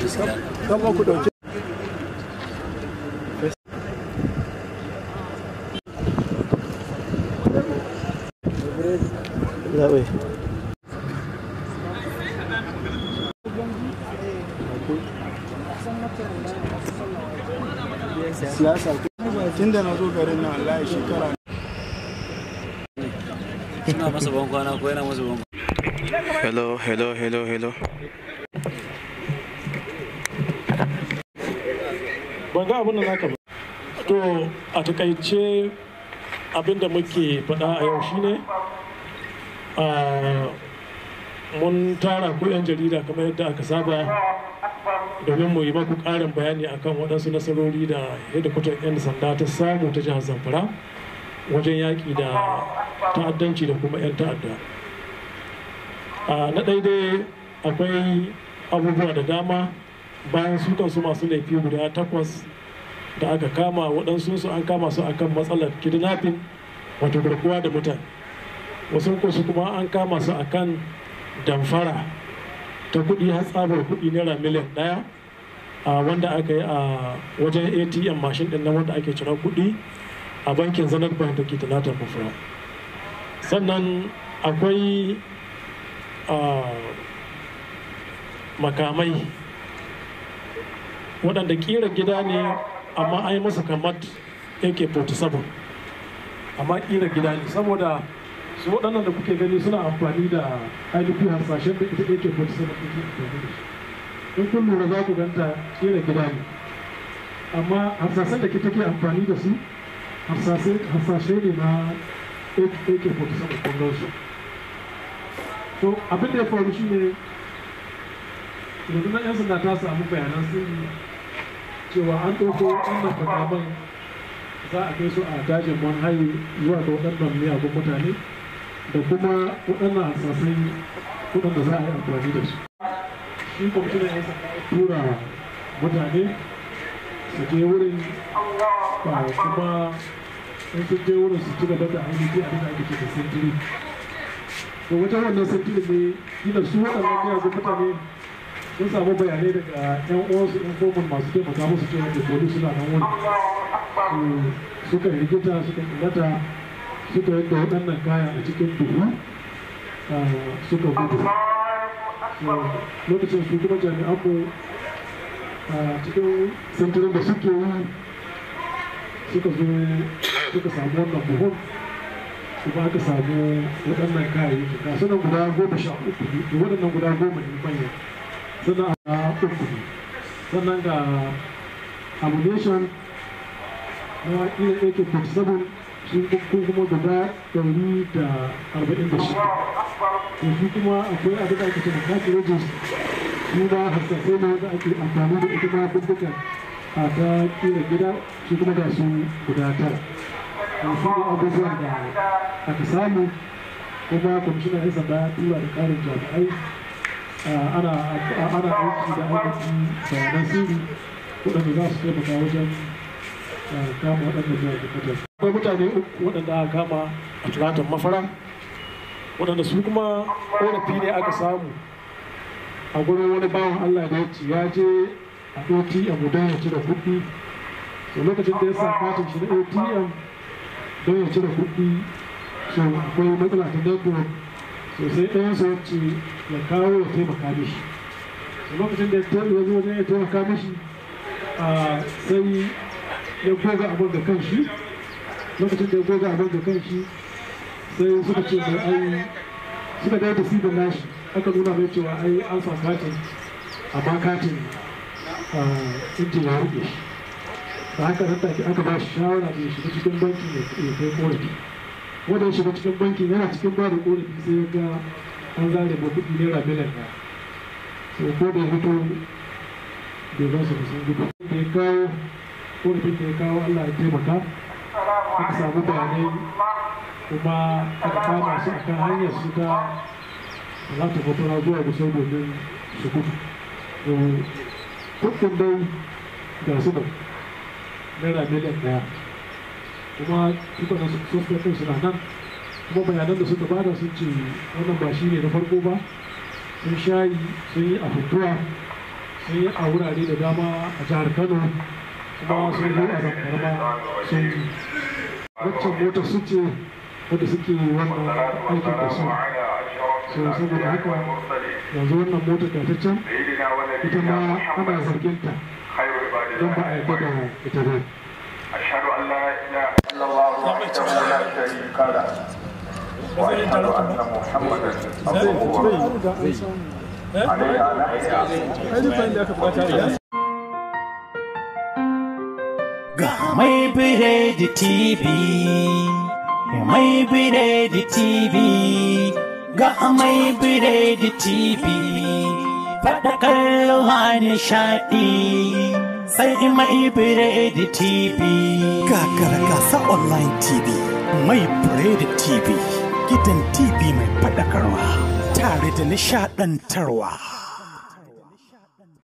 Dạ ủy. Siyasa tun da na zo garin nan Allah shekara Hello, hello, hello, hello. ban ga abin da za ba to a takaice abin da muke faɗa a yau shine mun tara ku 'yan jarida kamar yadda aka saba domin mu yi maku ƙarin bayani akan waɗansu nasarori da hedikwatar 'yan sanda ta samu ta jihar zamfara wajen yaƙi da ta'addanci da kuma 'yan ta'adda na daidai akwai abubuwa da dama bayan su kansu masu laifi guda takwas da aka kama waɗansu su an kama su akan matsalar kidnapping wato garkuwa da mutane wasu su kuma an kama su akan damfara ta kuɗi har tsabar kuɗi naira miliyan ɗaya a wanda aka yi a wajen atm mashin ɗin nan wanda ake cira kuɗi a bankin zanar bank da ke talata mafura sannan akwai makamai waɗanda ƙira gida ne amma an yi masa kamar ak-47 amma ƙira gida ne saboda su waɗannan da kuke gani suna amfani da ainihin harsashen da ita ak-47 kuke amfani da shi in kun lura za ku ganta ƙira gida ne amma harsashen da ke take amfani da su harsashe ne na ak-47 kun su, to abin da ya faru shine yanzu na 'yan sanda ta samu bayanan sirri cewa an ɗauko wannan makaman za a kai su a dajin manhayi zuwa ga waɗannan miyagun mutane da kuma waɗannan kudin da za a yi amfani da su shi kwamishina ya tura mutane su je wurin ba kuma in sun je wurin su ci gaba da ainihi a da ake ce da sentiri to wajen wannan sentiri ne gina su waɗannan miyagun mutane sun samu bayanai daga yan uwansu yan kofin masu taimaka musu cewa da koli suna nan wani eh, suka rigita suka ingata suka yadda waɗannan kaya a cikin duhu eh, suka gudu eh, lokacin su kuma jami'an mu cikin sintirin da suke yi suka zo suka samu wannan buhun kuma aka samu waɗannan kayayyaki ga sunan guda goma sha uku da waɗannan guda goma ne manyan suna uku sannan ga abomination na iya yake 47 sun kuma guda 146 shi kuma akwai abin da ake cewa kashi rajis shi ba na za a ake amfani da ita ma bubbuka a ta kira gida shi kuma ga su guda tara shi ne abubuwan da aka samu kuma kwamishinan ya sanda tura da karin jami'ai ana ana aiki da aiki da nasiri waɗanda za su taimaka wajen kama waɗanda zuwa bukatar akwai mutane uku waɗanda aka kama a tunatan mafara waɗanda su kuma ƙorafi ne aka samu a gurin wani bawan allah da ya je a atm don ya cire kuɗi so lokacin da ya sa katin shi na atm don ya cire kuɗi so akwai matsala ta network sosai ɗan su wacce ya kawo ya taimaka mishi lokacin da ya zo ne ya taimaka mishi sai ya goga abin da kanshi lokacin da ya goga abin da kanshi sai suka ce mai ai suka dai da sibin nashi aka nuna mai cewa ai an sa katin amma katin inji ya rufe shi da haka nan take aka ba shi shawara da shi cikin banki ya kai kowace wanda ya shiga cikin bankin yana cikin ba da korafi sai ya ga an zare ba kuɗi naira miliyan ɗaya so ko da ya fito bai ba su sun gudu da ya kawo korafin da ya kawo allah ya taimaka aka samu bayanai kuma aka kama su akan hanyar su ta za ta fatara zuwa sai domin su gudu kuɗin dai ga su da naira miliyan ɗaya kuma suka da sun kai su nan kuma bayanan da suka bada sun ce wannan ba shi ne na farko ba sun shayi sun yi a fituwa sun yi a wurare da dama a jihar kano kuma sun yi a zamfara sun yi waccan motar su ce wadda suke wannan aikin da su so saboda haka yanzu wannan motar da ta can ita ma ana zargin ta don ba a yi da ita ba وحده لا شريك له واشهد ان محمدا عبده ورسوله عليه نحيا ga mai biredi tv mai biredi tv ga mai biredi tv faɗakar ruwa nishaɗi sai mai biredi TV. Gagara gasa online TV, mai biredi TV, gidan TV mai faɗakarwa, tare da nishaɗantarwa.